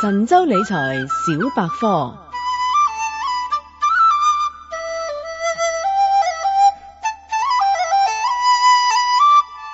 神州理財小百科。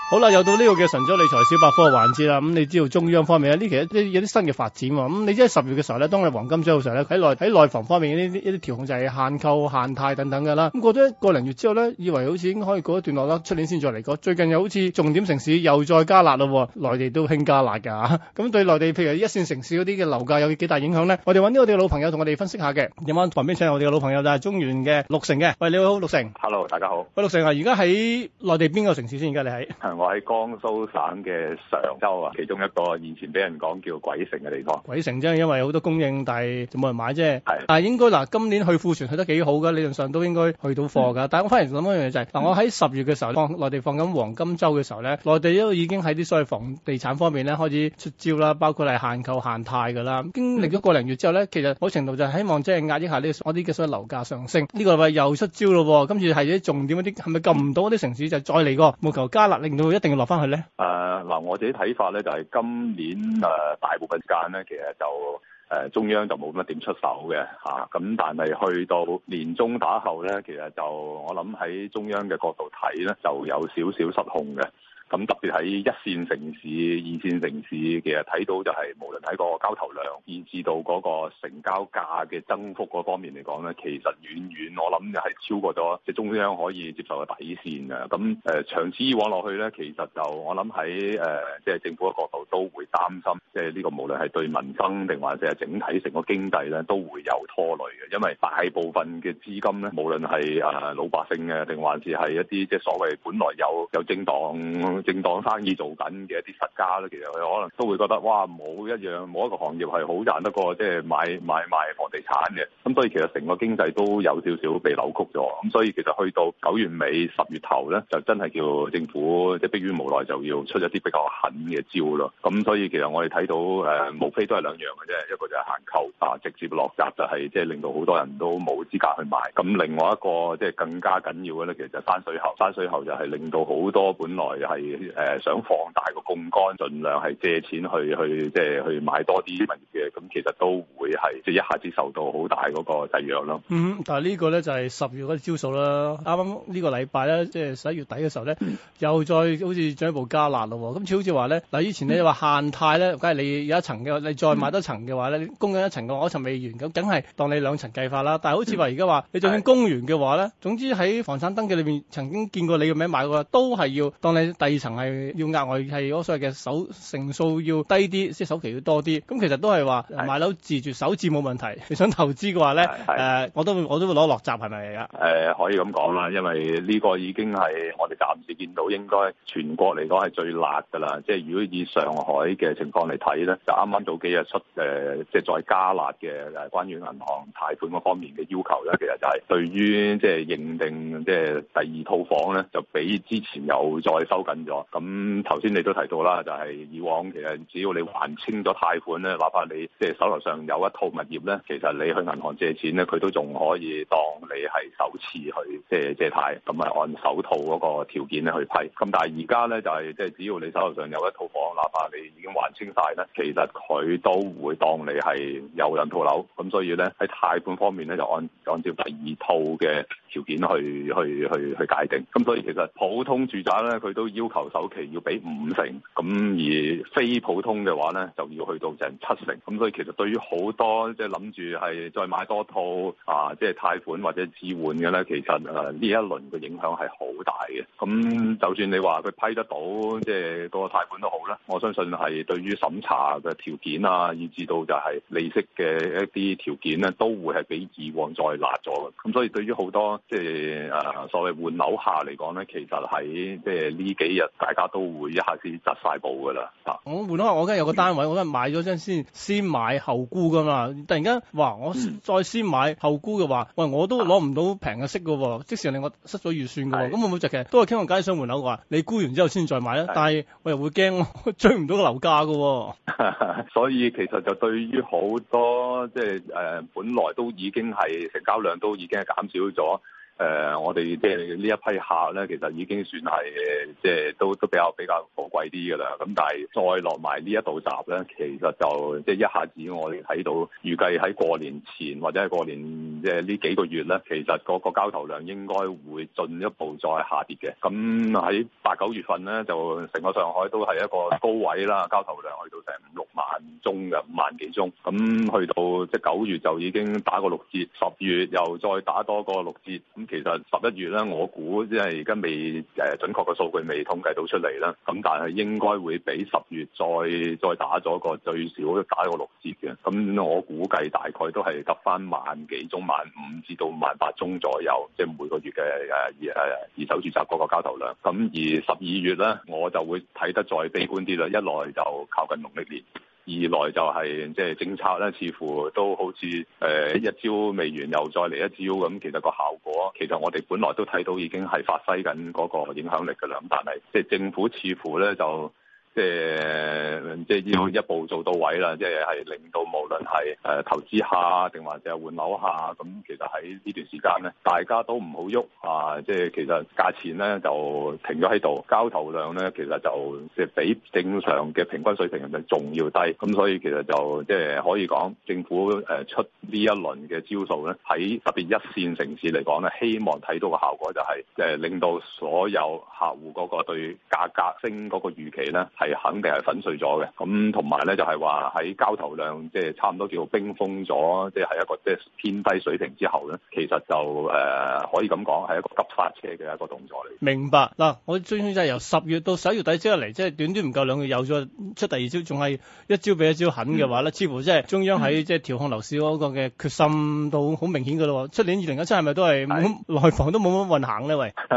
好啦，又到呢個嘅神州理財小百科嘅環節啦。咁、嗯、你知道中央方面咧，呢其實有啲新嘅發展。咁、嗯、你即係十月嘅時候咧，當你黃金周嘅時候咧，喺內喺內房方面嘅呢一啲調控就係限購限貸等等噶啦。咁過咗一個零月之後咧，以為好似已經可以過一段落啦，出年先再嚟過。最近又好似重點城市又再加辣啦，內地都興加辣噶。咁、啊、對內地譬如一線城市嗰啲嘅樓價有幾大影響咧？我哋揾呢個我哋嘅老朋友同我哋分析一下嘅。夜晚旁邊請我哋嘅老朋友就係中原嘅陸成嘅。喂，你好，陸成。Hello，大家好。喂，陸成啊，而家喺內地邊個城市先？而家你喺？我喺江蘇省嘅常州啊，其中一個以前俾人講叫鬼城嘅地方。鬼城真係因為好多供應，但係冇人買啫。係的，但係應該嗱、呃，今年去庫存去得幾好㗎，理論上都應該去到貨㗎。嗯、但係我反而諗一樣嘢就係、是，嗱、呃，我喺十月嘅時候放、嗯、內地放緊黃金周嘅時候咧，內地都已經喺啲所謂房地產方面咧開始出招啦，包括係限購、限貸㗎啦。經歷咗個零月之後咧，其實某程度就係希望即係壓抑下呢我啲嘅所謂，所謂樓價上升。呢、嗯、個係咪又出招咯、啊？今次係啲重點嗰啲係咪撳唔到嗰啲城市、嗯、就再嚟個務求加辣令到？一定要落翻去咧？誒嗱、呃，我自己睇法咧就係、是、今年誒、呃、大部分時間咧，其實就誒、呃、中央就冇乜點出手嘅吓。咁、啊、但係去到年中打後咧，其實就我諗喺中央嘅角度睇咧，就有少少失控嘅。咁特別喺一線城市、二線城市，其實睇到就係、是、無論睇個交投量，以至到嗰個成交價嘅增幅嗰方面嚟講咧，其實遠遠我諗就係超過咗即係中央可以接受嘅底線嘅。咁誒、呃、長此以往落去咧，其實就我諗喺誒即係政府嘅角度都會擔心，即係呢個無論係對民生定還是係整體成個經濟咧，都會有拖累嘅。因為大部分嘅資金咧，無論係誒老百姓嘅，定還是係一啲即係所謂本來有有政黨。政黨生意做緊嘅一啲實家咧，其實佢可能都會覺得哇，冇一樣冇一個行業係好賺得過即係、就是、買買賣房地產嘅。咁所以其實成個經濟都有少少被扭曲咗。咁所以其實去到九月尾十月頭咧，就真係叫政府即係逼於無奈就要出咗啲比較狠嘅招咯。咁所以其實我哋睇到誒、啊，無非都係兩樣嘅啫，一個就係限購啊，直接落閘就係即係令到好多人都冇資格去買。咁另外一個即係、就是、更加緊要嘅咧，其實就係翻水喉，翻水喉就係令到好多本來、就是誒、呃，想放大個槓桿，盡量係借錢去去即係去買多啲物業嘅，咁其實都會係即係一下子受到好大嗰個制約咯。嗯，但係呢、就是、剛剛個咧就係十月嗰啲招數啦。啱啱呢個禮拜咧，即係十一月底嘅時候咧，嗯、又再好似進一步加辣咯。咁似好似話咧，嗱，以前你話限貸咧，梗係、嗯、你有一層嘅，你再買多層嘅話咧，供緊一層嘅，我層未完，咁梗係當你兩層計法啦。但係好似話而家話，你就算供完嘅話咧，嗯、總之喺房產登記裏邊曾經見過你嘅名買過，都係要當你第。層係要額外係所謂嘅首成數要低啲，即首期要多啲。咁其實都係話買樓自住首置冇問題，你想投資嘅話咧，誒的、呃、我都我都會攞落閘係咪啊？誒、呃、可以咁講啦，因為呢個已經係我哋暫時見到應該全國嚟講係最辣㗎啦。即係如果以上海嘅情況嚟睇咧，就啱啱早幾日出誒、呃，即係再加辣嘅關於銀行貸款嗰方面嘅要求咧，其實就係對於即係認定即係第二套房咧，就比之前又再收緊。咁頭先你都提到啦，就係以往其實只要你還清咗貸款咧，哪怕你即係手頭上有一套物業咧，其實你去銀行借錢咧，佢都仲可以當你係首次去即係借貸，咁係按首套嗰個條件咧去批。咁但係而家咧就係即係只要你手頭上有一套房，哪怕你已經還清晒咧，其實佢都會當你係有兩套樓，咁所以咧喺貸款方面咧就按按照第二套嘅條件去去去去界定。咁所以其實普通住宅咧佢都要求。首首期要俾五成，咁而非普通嘅話咧，就要去到成七成。咁所以其實對於好多即係諗住係再買多套啊，即係貸款或者置換嘅咧，其實誒呢、啊、一輪嘅影響係好大嘅。咁就算你話佢批得到，即係個貸款都好啦，我相信係對於審查嘅條件啊，以至到就係利息嘅一啲條件咧，都會係比以往再辣咗嘅。咁所以對於好多即係誒所謂換樓下嚟講咧，其實喺即係呢幾日。大家都會一下子窒晒步噶啦、哦！我換咗，我而家有個單位，嗯、我都係買咗先先買後沽噶嘛。突然間，話我再先買後沽嘅話，嗯、喂，我都攞唔到平嘅息㗎喎，即時令我失咗預算㗎喎、哦。咁唔冇直嘅？會會其都係傾緊街上門口？話你沽完之後先再買啦。是但係我又會驚追唔到個樓價㗎喎、哦。 所以其實就對於好多即係、呃、本來都已經係成交量都已經係減少咗。誒、呃，我哋即係呢一批客咧，其實已經算係即係都都比較比較昂貴啲嘅啦。咁但係再落埋呢一道閘咧，其實就即係一下子我哋睇到預計喺過年前或者過年即係呢幾個月咧，其實嗰個交投量應該會進一步再下跌嘅。咁喺八九月份咧，就成個上海都係一個高位啦，交投量去到成五六。嘅五萬幾宗，咁去到即九月就已經打個六折，十月又再打多個六折，咁其實十一月咧，我估即係而家未誒準確嘅數據未統計到出嚟啦，咁但係應該會比十月再再打咗個最少都打個六折嘅，咁我估計大概都係得翻萬幾宗，萬五至到萬八宗左右，即係每個月嘅誒二手住宅嗰個交投量，咁而十二月咧，我就會睇得再悲觀啲啦，一來就靠近農曆年。二來就係即係政策咧，似乎都好似誒、呃、一招未完，又再嚟一招咁。其實個效果，其實我哋本來都睇到已經係發揮緊嗰個影響力㗎喇。咁但係即係政府似乎咧就。即係即係要一步做到位啦，即係係令到無論係誒投資下定或者係換樓下，咁其實喺呢段時間咧，大家都唔好喐啊！即係其實價錢咧就停咗喺度，交投量咧其實就即係比正常嘅平均水平仲要低，咁所以其實就即係可以講政府誒出這一的呢一輪嘅招數咧，喺特別一線城市嚟講咧，希望睇到嘅效果就係、是、誒、就是、令到所有客戶嗰個對價格升嗰個預期咧係肯定係粉碎咗嘅，咁同埋咧就係話喺交投量即係、就是、差唔多叫冰封咗，即、就、係、是、一個即係偏低水平之後咧，其實就誒、呃、可以咁講係一個急剎車嘅一個動作嚟。明白嗱，我最中就係由十月到十一月底之後嚟，即係短短唔夠兩個月有咗出第二招，仲係一招比一招狠嘅話咧，嗯、似乎即係中央喺即係調控樓市嗰個嘅決心都好明顯噶咯。出年二零一七係咪都係內是房都冇乜運行咧？喂。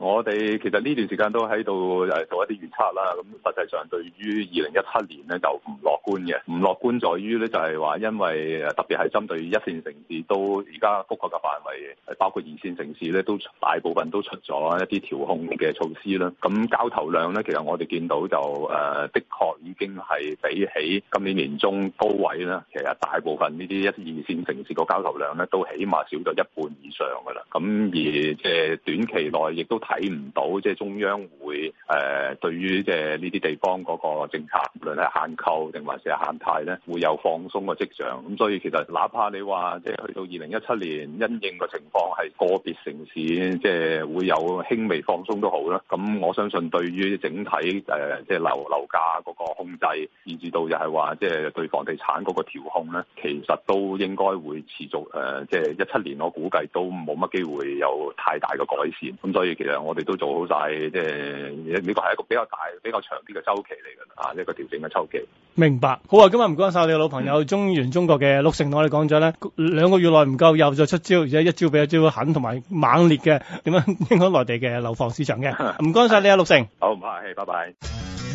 我哋其實呢段時間都喺度誒做一啲預測啦，咁實際上對於二零一七年呢，就唔樂觀嘅，唔樂觀在於呢，就係話，因為特別係針對一線城市都而家覆蓋嘅範圍包括二線城市呢，都大部分都出咗一啲調控嘅措施啦。咁交投量呢，其實我哋見到就誒，的確已經係比起今年年中高位啦，其實大部分呢啲一、二線城市個交投量呢，都起碼少咗一半以上噶啦。咁而即短期內亦都，睇唔到即係中央會誒對於即係呢啲地方嗰個政策，無論係限購定還是係限貸咧，會有放鬆嘅跡象。咁所以其實哪怕你話即係去到二零一七年，因應個情況，係個別城市即係會有輕微放鬆都好啦。咁我相信對於整體誒即係樓樓價嗰個控制，以至到就係話即係對房地產嗰個調控咧，其實都應該會持續誒即係一七年我估計都冇乜機會有太大嘅改善。咁所以其實。我哋都做好晒，即係美國係一個比較大、比較長啲嘅周期嚟嘅，啊呢、呢個調整嘅周期。明白，好啊！今日唔該晒你嘅老朋友，嗯、中原中國嘅陸成，同我哋講咗咧，兩個月內唔夠，又再出招，而且一招比一招狠，同埋猛烈嘅，點樣影響內地嘅樓房市場嘅？唔該晒你啊，陸 成。好，唔客氣，拜拜。